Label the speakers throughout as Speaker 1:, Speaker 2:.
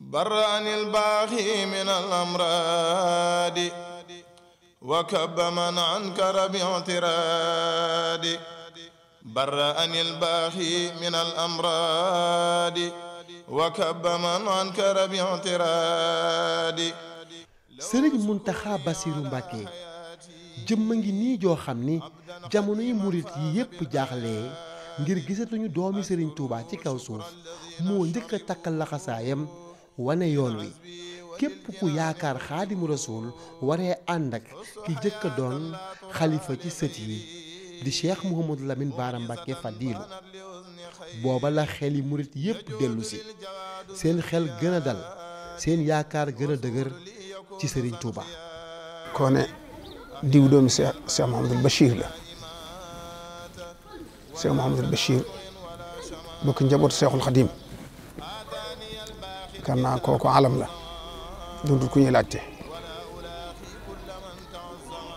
Speaker 1: برأني الباغي من الأمراض وكب من أنكر باعتراض برأني الباغي من الأمراض وكب من أنكر باعتراض سرق منتخب
Speaker 2: بصير باكي جمعي ني خمني جامونو موريت ييب جاخلي ngir gisatuñu doomi serigne touba ci kaw suuf moo njëkk takkal wane yoon wi képp ku yaakaar xaadimu rasul waree ànd ak ki jëkk doon xalifa ci sët yi di cheikh Mouhamadou lamin Bara Mbacké Fadilu booba la xeli murit yépp dellu si seen xel gën a dal seen yaakaar gën a dëgër ci Serigne Touba.
Speaker 3: kone diw doomi Cheikh Cheikh Mouhamadul Bachir la Cheikh Mouhamadul Bachir bokk njaboot Cheikhul Khadim كنا كوكو عالم لا دوندو كوني لاجتي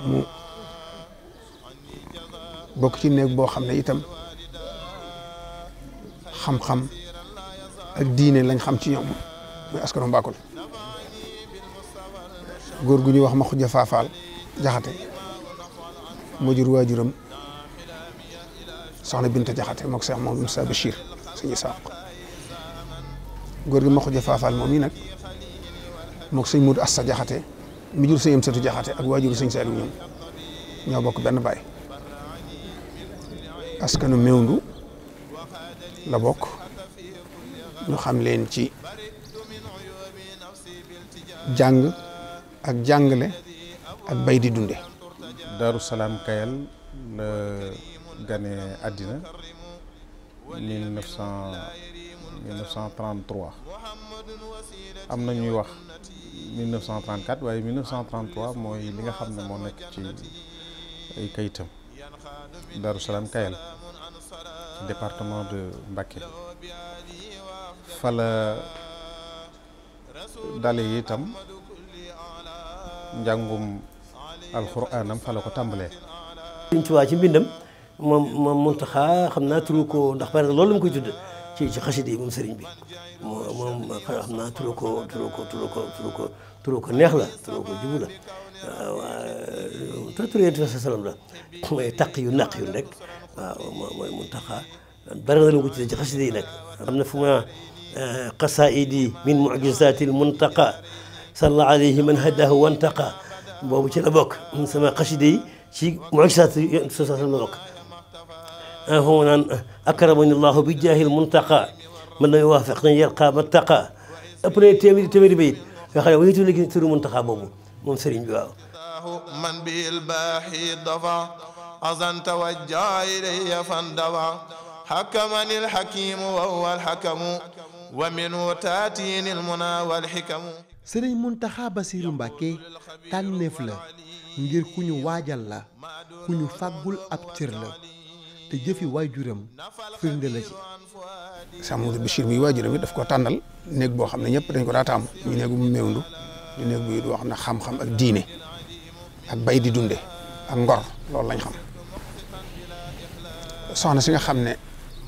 Speaker 3: مو بوكتي نيك بو خامني ايتام خام خام اك دين لا نخام تي يوم مي اسكرون باكول غور غني واخ مخو جفافال جاخاتي مجر واجرم صاحنا بنت جاخاتي مك شيخ مولى موسى بشير سيدي ساق góor gi ma xuja faafaal moom yi nag moog sëñ Moodu a Jaxate mi jur sëñam sëtu Jaxate ak waajuru sëñ Saaliw ñoom ñoo bokk benn baay askanu mewndu la bokk ñu xam leen ci jàng ak jàngale ak bay di dunde
Speaker 4: Daaru Salaam la gane àddina 1900 1933 am na ñuy wax 1934 waaye 1933 mooy li nga xam ne moo nekk ci ay kayitam Darou Salaam Kayal département de Mbacké fa la dale itam njàngum alxuraanam fa ko tàmbalee. Sëñ ci mbindam moom
Speaker 5: moom Muntaxa xam naa turu ko ndax pare loolu lañ koy tudd. شيء شيء خشدي يوم سرين بي ما ما ما خلاص تروكو تروكو تروكو تروكو تروكو نهلا تروكو جبولا وتطلع يد رسول الله لا ما يتقي ونقي لك ما ما منتقى برد لو قلت خشدي لك أنا فما قصائدي من معجزات المنتقى صلى عليه من هداه وانتقى بابو تشلبوك من سما قشدي شيء معجزات رسول الله هنا أكرمني الله بجاه المنتقى من يوافقني يلقى متقى أبني تيمي تيمي البيت يا خالي ويتو لك تر منتقى بابو من سرين جواب
Speaker 1: من به الباحي الضفا أظن توجه إلي فاندوى حكمني الحكيم وهو الحكم ومنه تاتيني المنى والحكم
Speaker 2: سرين منتقى بصير مباكي تنفل ngir ku ñu waajal la ku ñu fàggul ab cir la te jëfi waajuram firnde la ci.
Speaker 3: Cheikh Mamadou Bachir muy waajuram it daf ko tànnal néeg boo xam ne ñëpp dañ ko daa taamu ñu néegu mu méwndu ñu néeg bu boo xam ne xam-xam ak diine ak bay di dunde ak ngor lool lañ xam soxna si nga xam ne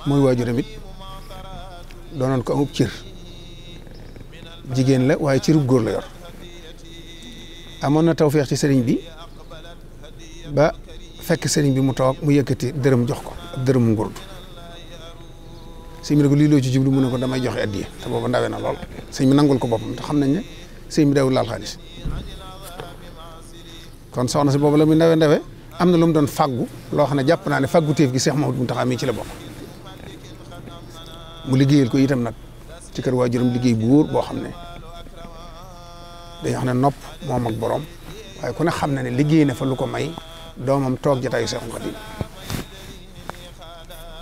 Speaker 3: mooy waajuram it doonoon ko amub cir jigéen la waaye cirub góor la yor amoon na tawfeex ci sëriñ bi fekk sëriñ bi mu toog mu yëkkati dërëm jox ko ab dërëmu ngurdu sëñ bi ne ko lii loo ci jublu mu ne ko damay joxe addiya te booba ndawe na lool sëñ bi nangul ko boppam te xam nañ ne sëñ bi dawul kon soxna si boobu la muy ndawe ndawe am na lu mu doon faggu loo xam ne jàpp naa ne faggu téef gi Seex Mahmud Muntaxa mi ci la bokk mu liggéeyal ko itam nag ci kër waajuram liggéey bu wóor boo xam ne dañoo xam ne nopp moom ak boroom waaye ku ne xam na ne liggéey na fa lu ko may doomam toog jataayu Seexul Xadiim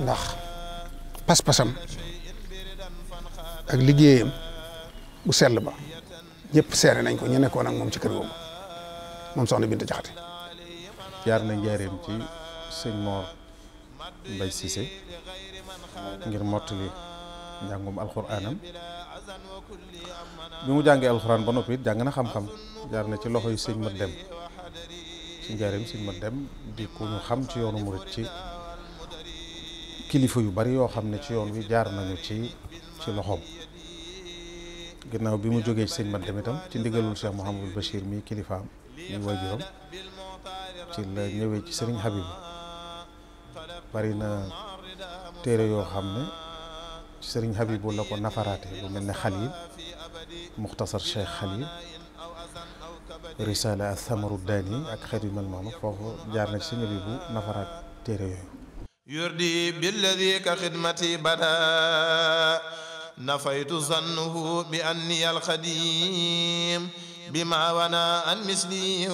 Speaker 3: ndax pas-pasam ak liggéeyam bu sell ba ñëpp seere nañ ko ñu nekkoon ak moom ci kër googu
Speaker 4: moom soxna Binta Jaxate jaar na njaareem ci sëñ Mor Mbay Sise ngir mottali njàngum alxuraanam bi mu jàngee alxuraan ba noppiit jàng na xam-xam jaar na ci loxo yi sëñ Mat Dem ci njaareem sëñ ma dem di ku ñu xam ci yoonu murit ci kilifa yu bari yoo xam ne ci yoon wi jaar nañu ci ci loxoom ginnaaw bi mu jógee ci sëñ ma dem itam ci ndigalul Cheikh Mouhamadul Bachir mi kilifaam mi ci la ñëwee ci sëriñ Habib bari na téere yoo xam ne ci sëriñ Habib la ko nafaraate lu mel ne Xalil Muxtasar Cheikh Xalil رسالة الثمر الداني daani ak xadimal maamut foofu jaar na ci sëñ bi bu nafaraat téere yooyu
Speaker 1: yurdi billadi ka xidmati bada nafaytu zannuhu bi anni alxadim bi an misli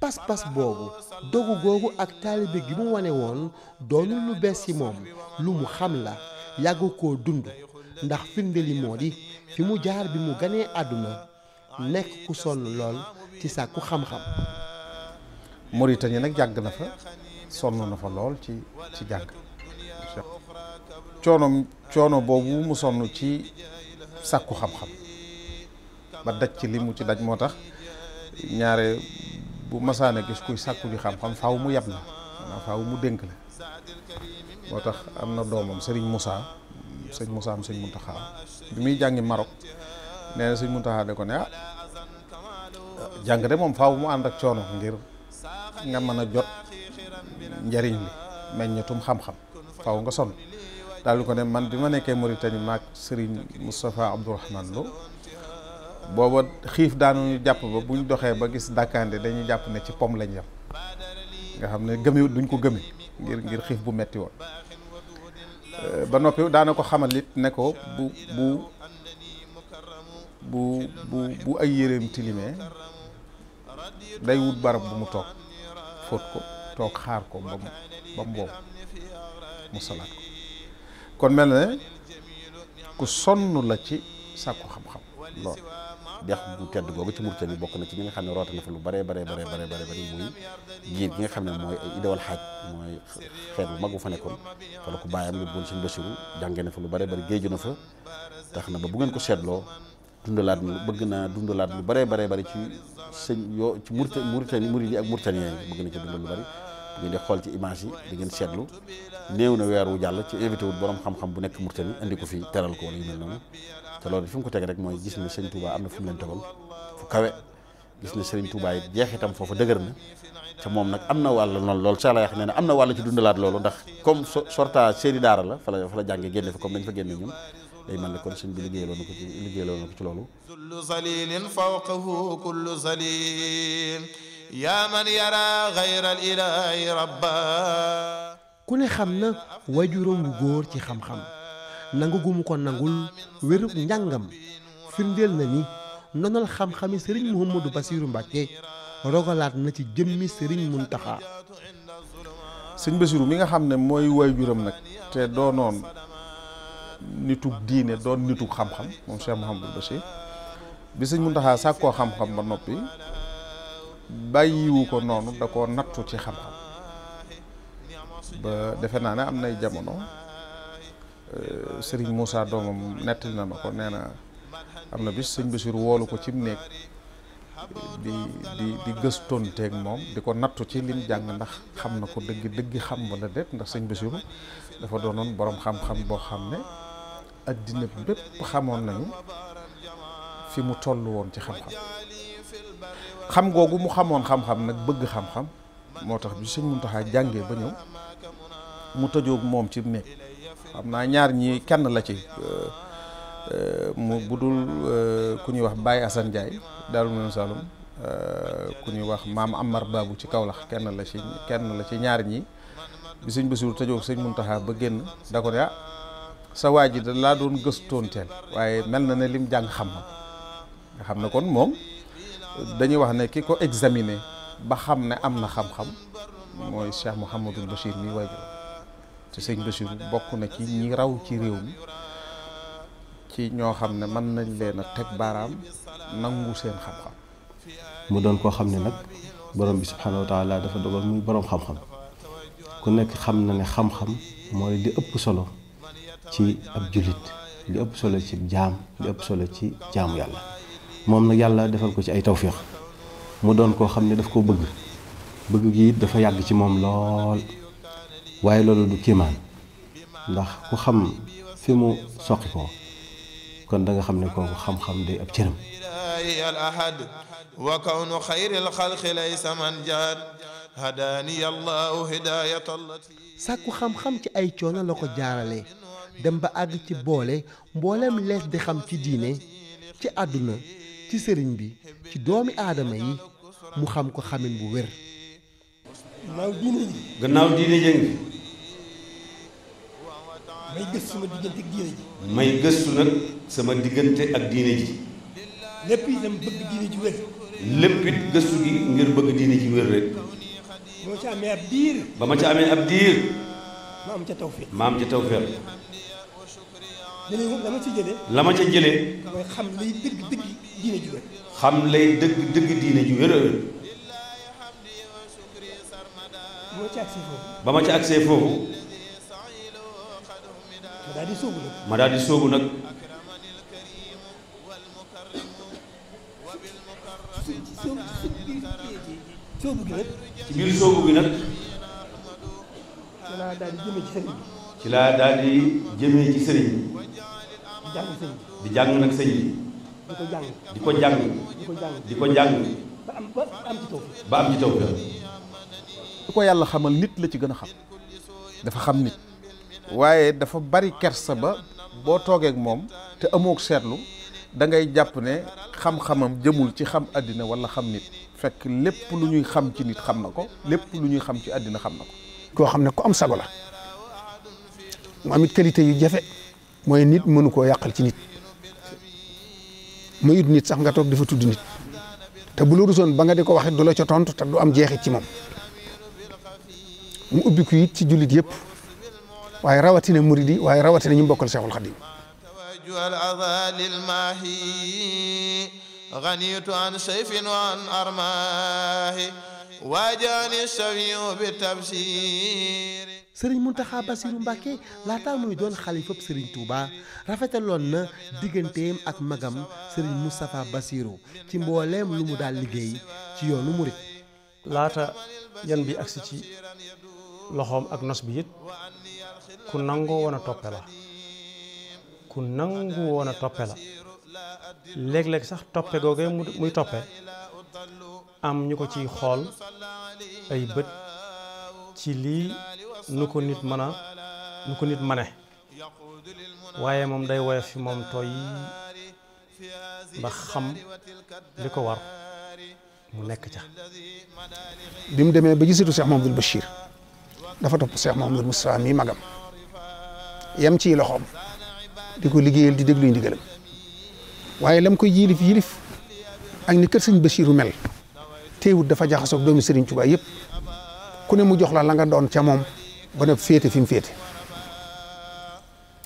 Speaker 2: pas-pas boobu dogu gogu ak talibi gi mu wane won donu lu bees ci moom lu mu xam la yàgg ko dund ndax findeli modi fi mu jaar bi mu gane aduna nekk ku sonn lool ci sàkku xam-xam
Speaker 4: Mauritanie nag jàgg na fa sonn na fa lool ci ci jàng coono coono boobu mu sonn ci sàkku xam-xam ba daj ci li mu ci daj moo tax ñaare bu masaana gis kuy sàkku ji xam-xam faaw mu yab na maanaam mu dénk moo tax am na doomam sëriñ musa sëñ musa am sëñ Mountakha bi muy jàngi Maroc nee na sëñ ko ne ah jàng de moom faw mu ànd ak coono ngir nga mën a jot njariñ li meññatum xam-xam faaw nga sonn daal ko ne man bi ma nekkee Mauritanie maag sëriñ Moustapha Abdourahman Lo booba xiif daanu jàpp ba buñ doxee ba gis dàkkande dañuy jàpp ne ci pom lañ yem nga xam ne gëmi duñ ko gëmi ngir ngir xiif bu metti woon ba noppi daana ko xamal ne ko bu bu bu bu bu ay yéreem tilimee day wut barab bu mu toog fóot ko toog xaar ko ba mu mu boobu salaat ko kon mel ne ku sonn la ci sàkku xam-xam lool dex bu tedd googu ci Mauritanie bokk na ci ñi nga xam ne roote na fa lu bare bare bare bare bare bare muy giir gi nga xam ne mooy ay idawal xaaj mooy xeet bu mag fa nekkoon fa la ko bàyyam yóbbuwoon sëñ Basiru fa lu bare bare géeju na fa tax na ba bu ngeen ko seetloo dundalaat bëgg naa dundalaat lu bare bare bari ci sëñ yoo ci murita muritani murid yi ak muritanien yi bëgg na ci dundal lu bari bu ngeen di xool ci image yi di ngeen seetlu néew na weer wu jàll ci invité wul borom xam-xam bu nekk murtani andi ko fii teral ko wala yu mel noonu te loolu fi mu ko teg rek mooy gis na sëñ Touba am na fu mu leen tegoon fu kawe gis na sëriñ Touba it jeexitam foofu dëgër na te moom nag am na wàll noonu lool saa la wax ne ne am na wàll ci dundalaat loolu ndax comme sorta seeni daara la fa la fa la jàngee génne fa comme dañ fa génne ñun day mel ne kon sëñ bi liggéeyaloo na ko ci liggéeyaloo na ko ci loolu
Speaker 1: kullu zalilin fawqahu kullu zalil ya man yara ghayra al ilahi
Speaker 2: ku ne xam na wajuróom wu góor ci xam-xam nangu gu mu ko nangul wérub njàngam firndeel na ni nonal xam-xami sëriñ Mouhamadou Bassirou Mbacké rogalaat na ci jëmmi sëriñ Muntaxa
Speaker 4: sëñ Bassirou mi nga xam ne mooy waajuram nag te doonoon nitug diine doon nitug xam-xam moom Cheikh Mouhamadou Bachir bi sëñ Muntaxa sàkkoo xam-xam ba noppi bàyyiwu ko noonu da koo nattu ci xam-xam ba defe naa ne am nay jamono euh, sëriñ Moussa doomam nettali na ma ko nee na am na bis sëñ Bachir woolu ko cim néeg di di di gëstonteeg moom di ko nattu ci lim jàng ndax xam na ko dëgg dëgg xam wala déet ndax sëñ Basiru dafa doonoon boroom xam-xam boo xam ne adina bepp xamone nañu fi mu tollu won ci xam-xam xam gogu mu xamone xam-xam nak bëgg xam-xam motax bi seigne muntaha jangé ba ñew mu tëjoog mom ci néeg xam ñaar ñi kenn la ci euh, mu budul euh, ku ñuy wax Baye Assane Ndiaye Daaru Minam salum euh, ku ñuy wax mam Amar Babu ci kaolax kenn la ci kenn la ci ñaar ñi bi sëñ Basiru tëjoog seigne muntaha ba genn da ko ah, sa waa ji da laa doon gëstoonteel waaye mel na ne lim jàng xam na nga xam ne kon moom dañuy wax ne ki ko examiner ba xam ne am na xam-xam mooy Cheikh Mouhamadul Bachir mi waajur te sëñ Bachir bokk na ci ñi raw ci réew mi ci ñoo xam ne mën nañ leen a teg baaraam nangu seen xam-xam
Speaker 6: mu doon koo xam ne nag borom bi subhanahu wa taala dafa dogal muy borom xam-xam ku nekk xam na ne xam-xam mooy li ëpp solo ci ab jullit li ëpp solo ci jaam li ëpp solo ci jaamu yàlla moom nag yàlla defal ko ci ay tawféex mu doon koo xam ne daf koo bëgg bëgg gi dafa yàgg ci moom lool waaye loolu du kéemaan ndax ku xam fi mu soqi ko kon danga xam ne kooku xam-xam day ab cëram
Speaker 1: al ahad wa kawnu xayri al man jaar hadaani allahu hidaayat allati
Speaker 2: sàkku xam-xam ci ay coono la ko jaarale dem ba àgg ci boole mbooleem lees di xam ci diine ci àdduna ci sëriñ bi ci doomi aadama yi mu xam ko xamin bu wér
Speaker 3: gannaaw diine ji
Speaker 2: gannaaw diine jëng
Speaker 5: may gëstu sama diggante ak diine ji
Speaker 7: may gëstu nag sama diggante ak diine ji lépp itam bëgg diine ji wér lépp it gi ngir bëgg diine ji wér rek
Speaker 6: ba ma ca amee ab diir ba ma ca amee ab diir ma am ca tawfeex
Speaker 7: ma am ca tawfeex
Speaker 6: la ma ci jëlee. la ma ca jëlee. mooy xam lay dëgg dëgg diine ju xam lay dëgg dëgg diine ju wér. ba ma ca agsee foofu. ba ma ca agsee foofu.
Speaker 8: ma daal di nag. ma daal
Speaker 7: di sóobu nag.
Speaker 1: sóobu gi nag. ci biir sóobu gi nag.
Speaker 6: ma daal ci sëriñ bi. ci laa daal di jëmee ci sëriñ bi di jàng nag sëñ bi di ko jàng di ko jàng ba am ci taw bi
Speaker 4: lu ko yàlla xamal nit la ci gën a xam dafa xam nit waaye dafa bari kersa ba boo toogeek moom te amook seetlu dangay jàpp ne xam-xamam jëmul ci xam àddina wala xam nit fekk lépp lu ñuy xam ci nit xam na ko lépp lu ñuy xam ci àddina xam na ko koo xam
Speaker 3: ne ku am sago la mu amit qualité yu jafe mooy nit mënu koo yàqal ci nit mayut nit sax nga toog dafa tudd nit te bu la rusoon ba di ko waxit du la ca ta te du am jeexit ci moom mu ubbi ko it ci jullit yëpp waaye rawatina murid yi waaye rawatina ñu mbokkal Seexul Xadim
Speaker 1: ganitu an sayfin wa an armahi waajani sawiyu bi tabsiri
Speaker 2: sëriñ Muntaxa Basiru Mbàkke laata muy doon xalifab sëriñ Touba rafetaloon na digganteem ak magam sëriñ Moustapha Basiru ci mbooleem lu mu daal liggéey
Speaker 7: ci yoonu murit laata yan bi agsi ci loxoom ak nos bi it ku nangoo woon a toppe la ku nangu woon a toppe la léeg-léeg sax toppe googee muy toppe am ñu ko ciy xool ay bët ci lii nu ko nit mën a nu ko nit mane waaye moom day woyof fi moom tooy ndax xam li ko war mu nekk ca
Speaker 3: bi mu demee ba gisatu Cheikh Mamadou Bachir dafa topp Cheikh Mamadou Moustapha mi magam yam ci loxoom di ko liggéeyal di dégluy ndigalam waaye lam koy yilif yilif ak ni kër sëñ mel teewut dafa jaxasoog doomi Sëriñ Tuubaa yëpp ku ne mu jox la doon ca moom ba noppi féete fi féete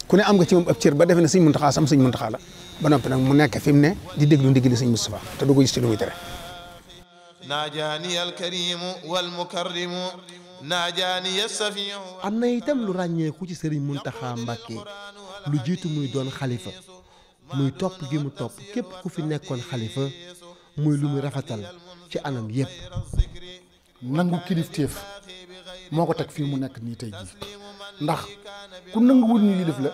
Speaker 3: ku ne am nga ci moom ab cër ba defe ne sëñ Muntaxa sam sëñ Muntaxa la ba noppi nag mu nekk fi mu ne di déglu ndigali sëñ Moustapha te du ko gis ci lu muy tere
Speaker 1: naajaani alkarimu
Speaker 2: am na itam lu ràññeeku ci sëriñ Muntaxa Mbàkke lu jiitu muy doon xalifa muy topp gi mu topp képp ku fi nekkoon xalifa muy lu muy rafetal ci anam yépp nangu kilifteef moo ko teg fii mu nekk nii tey jii ndax ku nanguwul ñu yilif la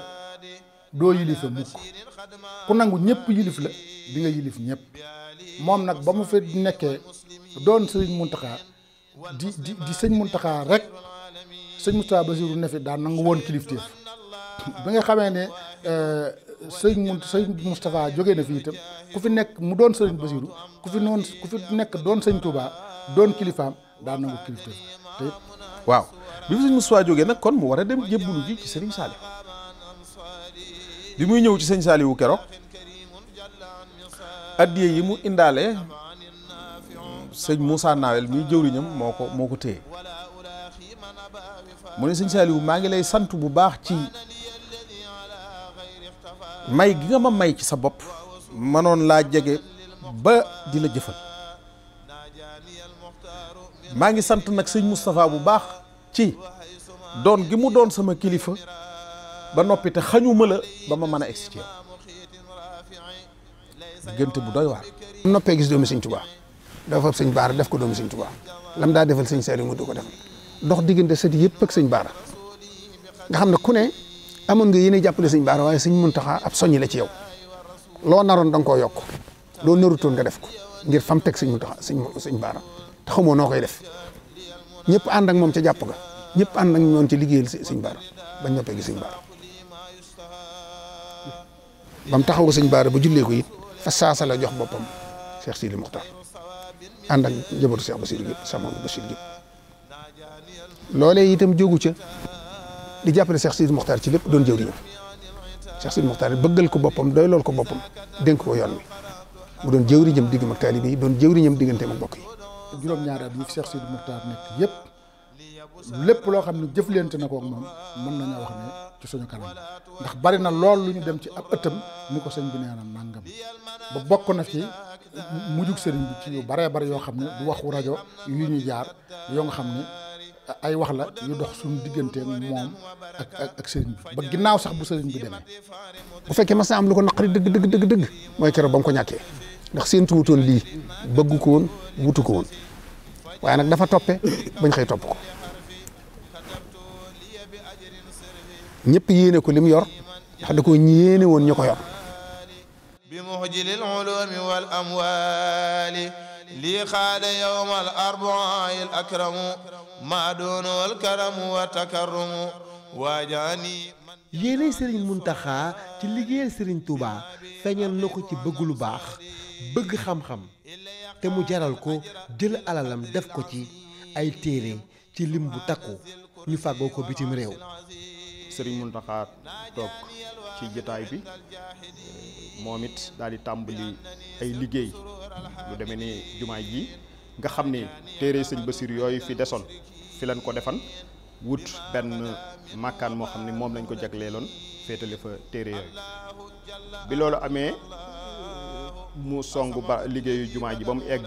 Speaker 2: doo yilifa mukk ku nangu ñëpp yilif la di nga yilif ñëpp moom nag ba mu fi nekkee doon sëriñ Muntaxa di di di sëñ Muntaxa rek sëñ Moustapha Bassirou ne fi daan nangu woon kilifteef bi nga xamee ne sëñ mun sëñ Moustapha jógee na fi itam ku fi nekk mu doon sëriñ Bassirou ku fi noon ku fi
Speaker 4: nekk doon sëñ Touba doon kilifaam daan nangu kilifteef waaw bi fi sëñ Moustapha jógee nag kon mu war a dem jébbalu ji ci sëriñ Saliou bi muy ñëw ci sëñ Saliou keroog addiye yi mu indaale sëñ Moussa Nawel muy jëwriñam moo ko moo ko téye mu ne sëñ Saliou maa ngi lay sant bu baax ci may gi nga ma may ci sa bopp manoon laa jege ba di la jëfal maa ngi sant nag sëñ mustafaa bu baax ci doon gi mu doon sama kilifa ba noppi te xañuma la ba ma mën a egsi ci yow diggante bu doy waar. noppee gis doomi sëñ Tuubaa
Speaker 3: dafa fab sëñ Baara def ko doomi sëñ Tuubaa lam daa defal sëñ Saliou mu du ko def dox diggante sët yëpp ak sëñ Baara nga xam ne ku ne amoon nga yéene jàppale sëñ Baara waaye sëñ Muntaxa ab soññi la ci yow loo naroon danga ko yokk loo narutoon nga def ko ngir fam teg sëñ Muntaxa sëñ Baara. xamoo noo koy def ñëpp ànd ak moom ca jàpp ga ñëpp ànd ak ñoon ci liggéeyal sëñ baara ba noppee gi sëñ baara ba mu taxaw ko sëñ baara ba jullee ko it fa saasa la jox boppam Cheikh Sidi Mokhtar ànd ak njabootu Cheikh Bassirou Diop sama Bassirou Diop loolee itam jógu ca di jàppale Cheikh Sidi Mokhtar ci lépp doon jëwriñam Cheikh Sidi Mokhtar bëggal ko boppam doy lool ko boppam dénk ko yoon wi mu doon jëwriñam diggam ak taalibe yi doon jëwriñam digganteem ak mbokk yi
Speaker 2: juróom-ñaari at yi fi Cheikh Sidi Moukhtar nekk yépp lépp loo xam ne jëflante na ko moom mën nañoo wax ne ci suñu kanam ndax bari na lool lu ñu dem ci ab ëttam mu ko sëñ bi nee na nangam ba bokk na ci mujjug sëriñ ci yu baree bari yoo xam ne du waxu rajo yu ñu jaar yoo nga xam ne ay wax la yu dox suñu
Speaker 3: diggante moom ak ak ak sëriñ bi ba ginnaaw sax bu sëriñ bi demee. bu fekkee mas na am lu ko naqari dëgg dëgg dëgg dëgg mooy keroog ba mu ko ñàkkee. ndax séentu wutoon lii bëgg ko woon wutu waaye nag dafa toppe bañ xëy topp ko ñëpp yéene ko li yor ndax da ko yéene woon ñu ko yor bi muxjilil ulumi
Speaker 1: wal amwali lii xaada yowma al arbaa il akramu maa doonu wal karamu wa takarrumu waajaani
Speaker 2: yéene sëriñ Muntaxa ci liggéeyal sëriñ Tuubaa feeñal na ci bëgg baax bëgg xam-xam te mu jaral ko jël alalam def ko ci ay téere ci lim bu takku ñu fagoo ko bitim réew
Speaker 9: sëriñ Muntaxa toog ci jataay bi moom it daal di tàmbali ay liggéey lu demee ni jumaay ji nga xam ni téere sëñ Basir yooyu fi desoon fi lañ ko defan wut benn màkkaan moo xam ni moom lañ ko jagleeloon féetale fa téere yooyu bi loolu amee mu songu ba liggéeyu jumaa ji ba mu egg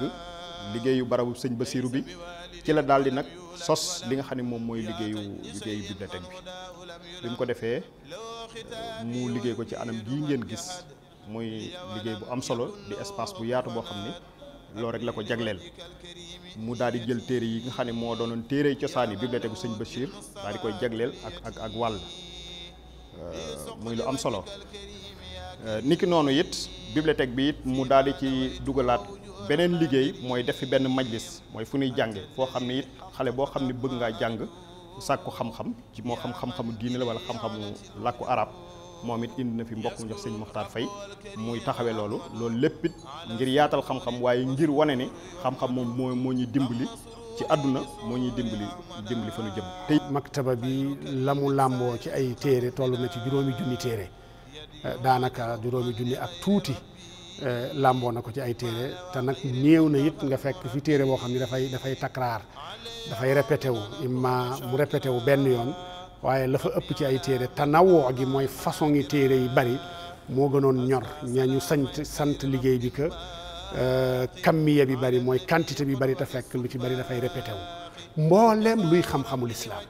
Speaker 9: ligéyu barabu seigne basirou bi ci la daldi nak sos li nga xam mom moy ligéyu ligéyu bibliothèque bi bi ko défé mu ligé ko ci anam gi ngeen gis moy liggéey bu am solo di espace bu yaatu bo xamni lo rek la ko mu daldi jël téré yi nga xam mo donon téré ci cosaan bibliothèque seigne sëñ daldi koy jaglél ak ak ak euh moy lu am solo euh, niki nonu yit bibliothèque bi it mu daal di ci dugalaat beneen liggéey mooy def fi benn majlis mooy fu ñuy jànge foo xam ni it xale boo xam ne bëgg ngaa jàng sàkku xam-xam ci moo xam diine la wala xam-xamu làkku arab moom it indi na fi mbokk mu jox sëñ Moxtaar Fay muy taxawee loolu loolu lépp ngir yaatal xam-xam waaye ngir wane ni xam-xam moom moo moo ñuy dimbali ci àdduna moo ñuy dimbali dimbali fa nu jëm.
Speaker 8: tey maktaba bi la mu làmboo ci ay téere toll na ci juróomi junni téere. daanaka juróomi junni ak tuuti eh, làmboo na ko ci ay téere te nag néew na it nga fekk fi téere boo xam ne dafay dafay takraar dafay répété wu imma mu répété wu benn yoon waaye la fa ëpp ci ay téere tanawoo gi mooy façon yi téere yi bari moo gënoon ñor ñañu sant sant liggéey bi que eh, kammiya bi bari mooy quantité bi bari te fekk lu ci bari dafay répété wu mbooleem luy xam-xamul islaam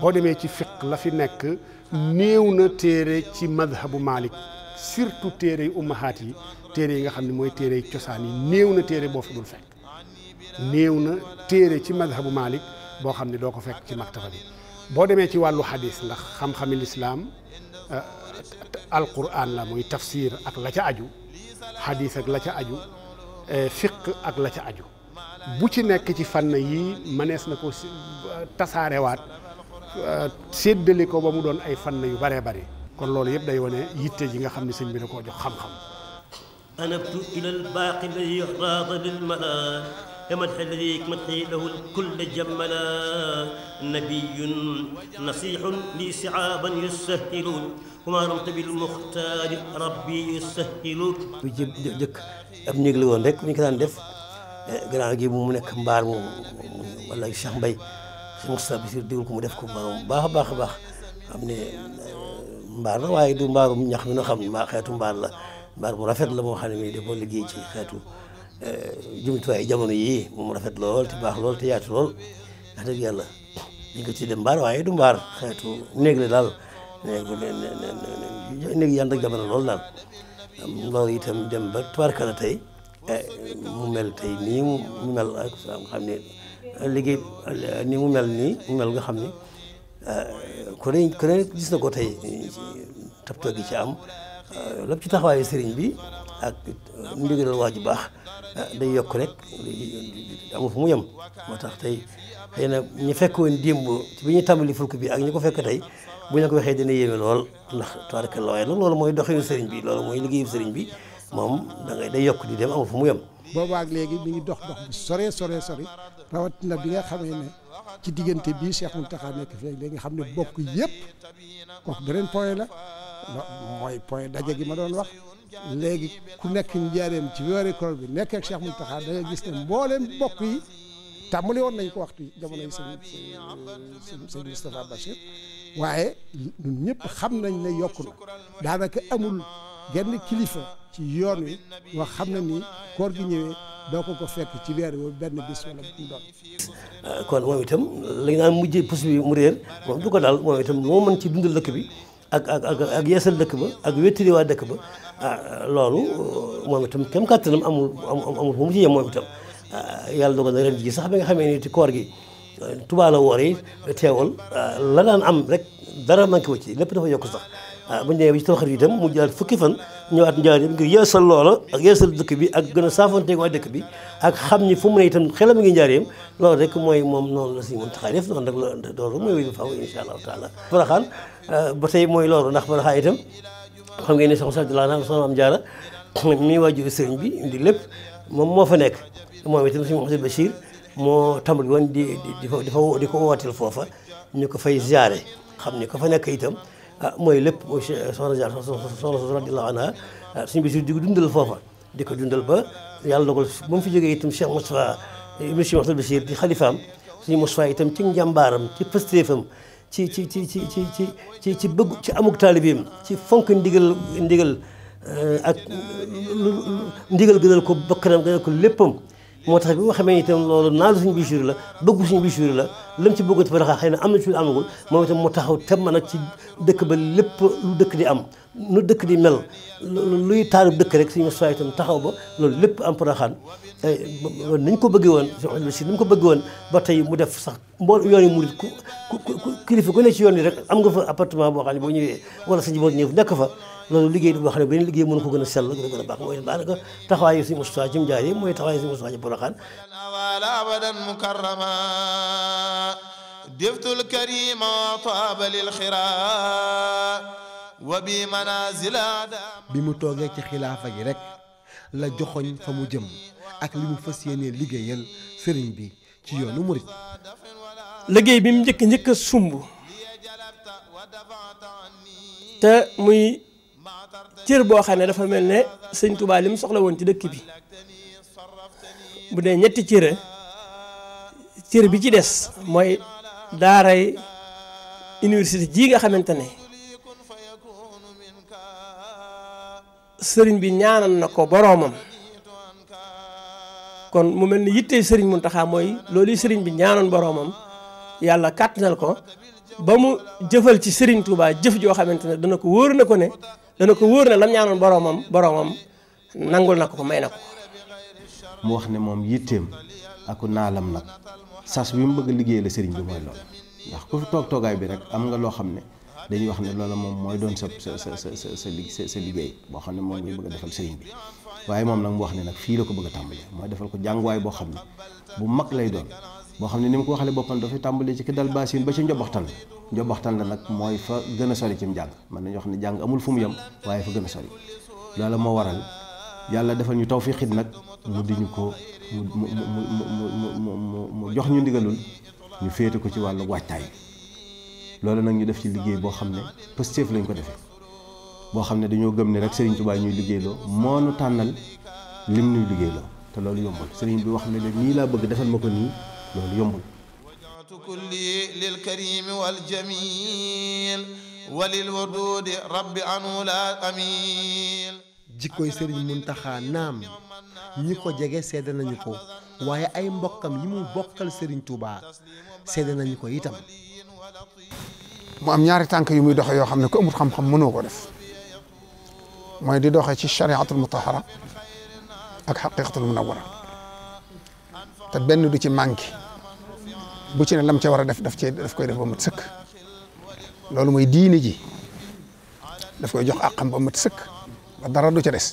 Speaker 8: boo demee ci fiq la fi nekk néew na téere ci madhabu Malik surtout téere yu ummahaat yi téere yi nga xam ne mooy téere yu cosaan yi néew na téere boo fi dul fekk néew na téere ci madhabu Malik boo xam ne doo ko fekk ci maktaba bi boo demee ci wàllu xadis ndax xam-xami lislaam euh, alquran la muy tafsir ak la ca aju xadis ak la ca aju euh, fiq ak la ca aju bu ci nekk ci fànn yi mënees na ko euh, tasaarewaat Euh, séddale ko ba mu doon ay fànn yu baree bari kon loolu yëpp day wane yitte ji nga xam ne sëñ bi da koo jox xam-xam
Speaker 5: أنبت إلى الباقي الذي راض للملا كمدح الذي مدحي له الكل جملا نبي نصيح لي سعابا يسهل وما رمت بالمختار ربي يسهل جك ابني قلوان رك من كلام دف قرأنا جيبوا منك مبار ولا يشام بي Moussa Bissir ko mu def ko borom baax a baax a baax xam ne euh, mbaar la waaye du mu ñax mi nga xam mbaa xeetu mbaar la mbaar bu rafet la moo xam ne mii dafa liggéey ci xeetu euh, jumtuwaay jamono yii mu rafet lool te baax lool te yaatu lool wax dëgg yàlla dañ ko tuddee mbaar waaye du mbaar xeetu néeg la daal néeg bu jamono lool daal loolu itam dem ba tubaarkala tey eh, mu mel tey nii mu mel ak xam ne liggéey ni mu mel nii mu mel nga xam ni euh, ku ne ku ne gis na ko tey tab-tab gi ci am euh, lépp ci taxawaayu sëriñ bi ak mu ndigalal wax ju baax euh, day yokk rek amu fu mu yem moo tax tey xëy na ñu fekkoon démb bi ñuy tàmbali fulk bi ak ñu ko fekk tey bu ñu ko waxee dina yéeme lool ndax tabaarkalla waaye loolu mooy doxinu sëriñ bi loolu mooy liggéeyu sëriñ bi moom da ngay day yokk di dem amu fu mu yem
Speaker 3: boobaak léegi mi ngi dox dox bu sore sore sore rawatina bi nga xamee ne ci diggante bii Cheikh Mountakha nekk fii léegi nga xam ne bokk yëpp kooku beneen point la mooy point daje gi ma doon wax léegi ku nekk njaareem ci weeri koor bi nekk ak Cheikh Mountakha da gis ne mbooleem bokk yi tàmbali woon nañ ko waxtu jamono yi sëñ sëñ Moustapha Bachir waaye ñun ñëpp xam nañ ne yokku na daanaka amul genn kilifa ci yoon wi xam ne ni koor gi ñëwee doo fekk ci weer wi benn bis euh,
Speaker 5: kon moom itam lañ naan mujjee pus bi mu moom du ko daal moom itam moo mën ci dundal dëkk bi ak ak ak ak yeesal dëkk ba ak wéttali dëkk ba ah, loolu euh, moom itam kem kàttanam amul amul fu mu ci yem moom itam ah, yàlla dogal na ren ji sax bi nga xamee ni ti koor gi euh, Tuubaa la wooree teewal am rek dara manqué wu ci lépp dafa yokk sax. ah bu ñu demee mu jëlaat fukki fan ñëwaat njaareem ngir yeesal loola ak yeesal dëkk bi ak gën a saafanteeg waa dëkk bi ak xam ni fu mu ne itam xelam ngi njaareem loolu rek mooy moom noonu la si mën taxaay def noonu rek la loolu mooy wéy bu faaw ah, ba tey mooy loolu ndax baraxaan itam xam ngeen ne soxna Sall dilaa naa soxna am jaara mi waajur sëriñ bi di lépp moom moo fa nekk moom itam suñu Mouhamadou Bachir moo tàmbali woon di di fa di ko wootil foofa ñu ko fay ziare xam ni ko fa nekk itam ah mooy lépp eh, soxna jaar soxna soxna radiyallahu anha ah, suñu Basiru di ko dundal foofa di ko dundal ba yàlla dogal ba mu fi jógee itam Cheikh Moustapha eh, ibnu Cheikh Moustapha Basiru di xalifaam suñu Moustapha itam ci njàmbaaram ci pëstéefam ci ci ci ci ci ci ci ci bëgg ci amuk taalibeem ci fonk ndigal ndigal eh, ak ndigal gënal ko bakkanam gënal ko léppam moo tax bi nga xamee itam loolu naalu suñu Bichir la bëggu suñu la lam ci bëggoon ci Porokhane na am na ci lu amagul moom itam moo taxaw temm nag ci dëkk ba lépp lu dëkk di am nu dëkk di mel luy taarub dëkk rek suñu Moustapha itam taxaw ba loolu lépp am Porokhane eh, niñ ko bëggee woon si niñ ko bëggee woon ba tey mu def sax mbool yoon yi murit ku ku ku ne ci yoon yi rek am nga fa appartement boo xam ne boo ñëwee wala sa njaboot ñëw nekk fa loolu liggéey boo xam ne benn liggéey mënu ko gën a sell gën a gën a baax mooy daanaka taxawaayu si Moustapha ci Njaay yi mooy taxawaayu si Moustapha ci Porokhane
Speaker 1: awala abadan mukarrama diftul karima taaba lil xira wa bi manazil
Speaker 2: bi mu toogee ci xilaafa gi rek la joxoñ fa mu jëm ak li mu fas yéenee liggéeyal sëriñ bi ci yoonu murit liggéey bi mu njëkk njëkk a sumb te muy cër
Speaker 5: boo xam ne dafa mel ne sëñ Touba li mu soxla woon ci dëkk bi bu dee ñetti cëre cër bi ci des mooy daaray université jii nga xamante ne sëriñ bi ñaanal na ko boroomam kon mu mel ni yittee sëriñ Muntaxa mooy loolu sëriñ bi ñaanoon boroomam yàlla kàttanal ko ba mu jëfal ci sëriñ Touba jëf joo xamante ne dana ko wóor na ko ne dana ko wóor ne lam ñaanoon boroomam boroomam nangul na ko ko may na ko
Speaker 6: mu wax ne moom yitteem aku naalam nag sas bi mu bëgg liggéey la sëriñ bi mooy loolu ndax ku fi toog toogaay bi rek am nga loo xam ne dañuy wax ne loola moom mooy doon sa sa sa sa sa sa liggéey boo xam ne moom ñu bëgg defal sëriñ bi waaye moom nag mu wax ne nag fii la ko bëgg a tàmbalee mooy defal ko jànguwaay boo xam ne bu mag lay doon boo xam ne ni mu ko waxale boppam dafay tàmbalee ci ki dal baasin ba ci njoboxtan njobaxtal la nag mooy fa gën a sori cim jàng man nañu wax ne jàng amul fu mu yem waaye fa gën a sori loola moo waral yàlla defal ñu taw fii it nag mu di ñu ko mu mu mu mu mu jox ñu ndigalul ñu féete ko ci wàll waajtaay loolu nag ñu def ci liggéey boo xam ne positif lañ ko defee boo xam ne dañoo gëm ne rek Serigne Touba ñuy liggéeyloo moo nu tànnal lim ñuy liggéeyloo te loolu yombul Serigne bi wax ne nii laa bëgg defal ma ko nii loolu yombul.
Speaker 1: kulli lil karim wal jamil walil wadud rabbi anu la amil
Speaker 2: jikkoy sëriñ Muntaxa naam ñi ko jege seede nañu ko waaye ay mbokkam yi mu bokkal sëriñ Touba seede nañu ko itam
Speaker 3: mu am ñaari tànk yu muy doxe yoo xam ne ku amul xam-xam mënoo ko def mooy di doxe ci chariatul mutahara ak xaqiqatul munawara te benn du ci manqué bu ci ne lam ca war a def daf cee daf koy def ba mat sëkk loolu mooy diine ji daf koy jox àqam ba mat sëkk ba dara du ca des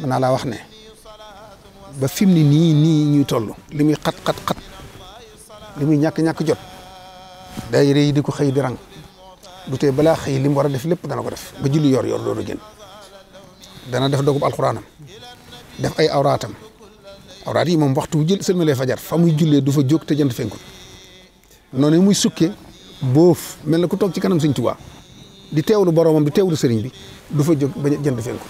Speaker 3: mën naa laa wax ne ba fi mu ne nii nii ñuy toll li muy xat xat xat li muy ñàkk ñàkk jot daayira yi di ko xëy di rang du tee balaa xëy li mu war a def lépp dana ko def ba julli yor yor doodu génn dana def dogub alxuraanam def ay awraatam awraat yi moom waxtu wu jël sëlmalee fajar fa muy jullee du fa jóg te jant fenkul noonu muy sukkee boof mel na ku toog ci kanam sëñ Tuubaa di teewlu boroomam di teewlu sëriñ bi du fa jóg ba jant fenku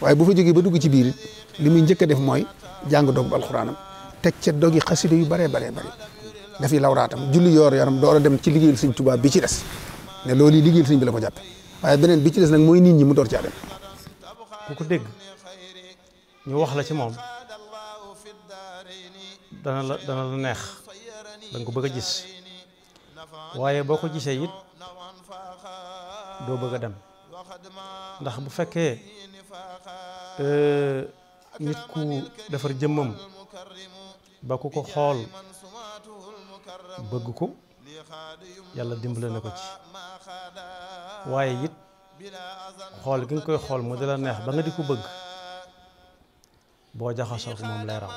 Speaker 3: waaye bu fa jógee ba dugg ci biir li muy njëkk def mooy jàng doog bu alxuraanam teg ca dogi xasida yu baree baree bare dafi lawraatam julli yoor yaram door a dem ci liggéeyal sëñ Tuubaa bi ci des ne loolu yi liggéeyal sëñ bi la ko jàppe waaye beneen bi ci des nag mooy nii ñi mu door caa dem
Speaker 7: ku ko dégg ñu wax la ci moom dana la dana la neex danga ko bëgg a gis waaye boo ko gisee it doo bëgg a dem ndax bu fekkee euh, nit ku defar jëmmam ba ku ko xool bëgg ko yàlla dimbale na ko ci waaye it xool gi nga koy xool mu di la neex ba nga di ko bëgg boo jaxasoo ko moom lay raw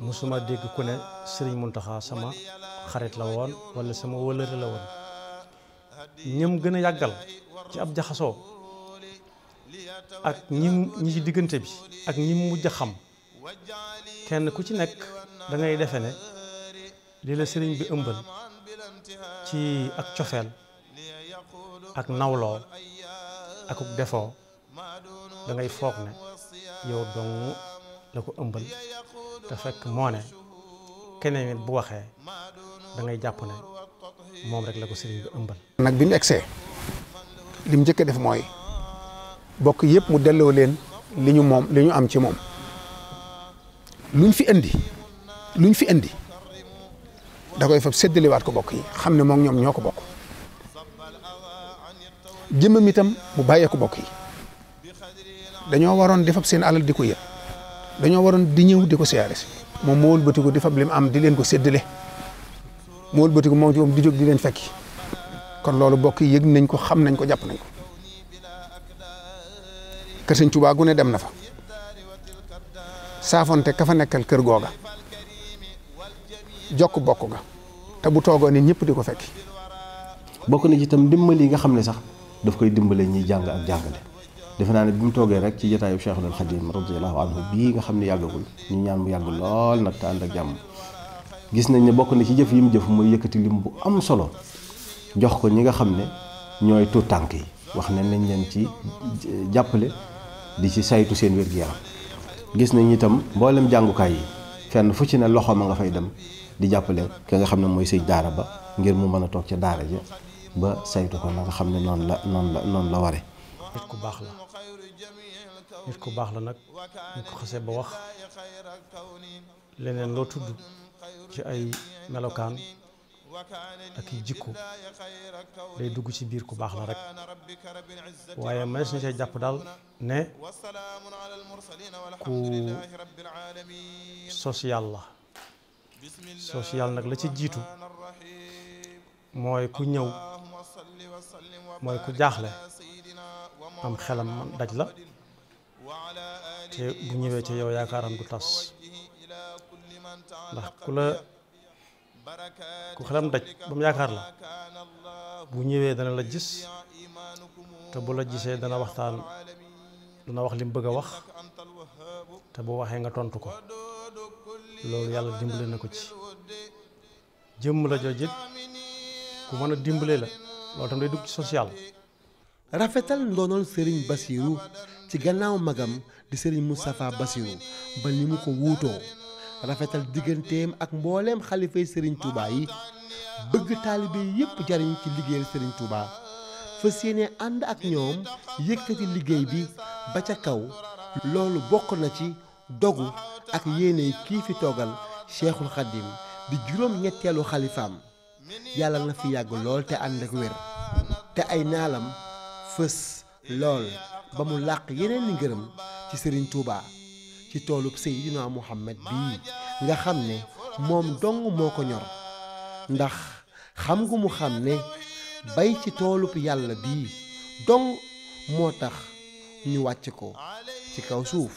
Speaker 7: musuma dégg ku ne sëriñ Muntaxa sama xarit la woon wala sama wëlëre la woon ñëm gën a yàggal ci ab jaxasoo ak ñi ñi ci diggante bi ak ñi mujj xam kenn ku ci nekk dangay defe ne li la sëriñ bi ëmbal ci ak cofeel ak nawloo ak uk defoo da ngay foog ne yow dong la ko ëmbal te fekk moo keneen bu waxee da ngay jàpp moom rek la ko sëriñ bi ëmbal.
Speaker 3: nag bi mu egsee li mu njëkk a def mooy bokk yëpp mu delloo leen li ñu moom li ñu am ci moom luñ fi indi luñ fi indi da koy fab séddaliwaat ko bokk yi xam ne moom ñoom ñoo ko bokk jëmmam itam mu bàyyee ko bokk yi dañoo waroon di seen alal di ko yëpp. dañoo waroon di ñëw di ko siyaare si moom moo wëlbatiku di fab li mu am di leen ko séddale moo wëlbatiku moom moom di jóg di leen fekki kon loolu bokk yëg nañ ko xam nañ ko jàpp nañ ko kër sëñ ne dem na fa saafonte ka fa nekkal kër googa jokk bokk ga te bu toogoo nit ñëpp di ko fekki
Speaker 6: bokk na ci itam dimbali nga xam ne sax daf koy dimbale ñiy jàng ak jàngale defe bimu ne toogee rek ci jotaayu Cheikhul Khadim radiyallahu anhu bii nga xam ne yàggagul ñu ñaan mu yàgg lool nag te ànd ak jàmm gis nañ ne bokk na ci jëf yi mu jëf muy yëkkati lim bu am solo jox ko ñi nga xam ne ñooy tuut tànk yi wax nañ lañ leen ci jàppale di ci saytu seen wer gi yaram gis nañ itam mboolem jàngukaay yi fenn fu ci ne loxo ma nga fay dem di jàppale ki nga xam ne mooy sëñ daara ba ngir mu mën a toog ca daara ja ba saytu ko nga xam ne noonu la noonu la noonu la ware
Speaker 7: nit ku baax la nit ku baax la nag ñu ko xasee ba wax leneen loo tudd ci ay melokaan ak i jikko day dugg ci biir ku baax la rek waaye mënees na see jàpp daal ne ku social la social nag la ci jiitu mooy ku ñëw mooy ku jaaxle am xelam daj la te bu ñëwee ci yow yaakaaram du tas ndax ku la ku xelam daj ba mu yaakaar la bu ñëwee dana la gis te bu la gisee dana waxtaan dana wax li mu bëgg a wax te bu waxee nga tontu ko loolu yàlla dimbale na ko ci jëmm la jojit ku mën a dimbale la loolu tam day dugg ci social rafetal
Speaker 2: ndoonal Serigne Bassirou ci gannaaw magam di sëriñ Moustapha Bassirou ba ni mu ko wuutoo rafetal digganteem ak mbooleem xalifay sëriñ Touba yi bëgg taalibe yépp jariñ ci liggéeyal sëriñ Touba fës yéene ànd ak ñoom yëkkati liggéey bi ba ca kaw loolu bokk na ci dogu ak yéene kii fi toogal Cheikhul Khadim di juróom ñetteelu xalifaam yàlla na fi yàgg lool te ànd ak wér te ay naalam fës lool ba mu làq yeneen ni ngërëm ci sëriñ Touba ci toolub Seydina Muhammad bii nga xam ne moom dong moo ko ñor ndax xam ngu mu xam ne bay ci toolub yàlla bii dong moo tax ñu wàcc ko ci kaw suuf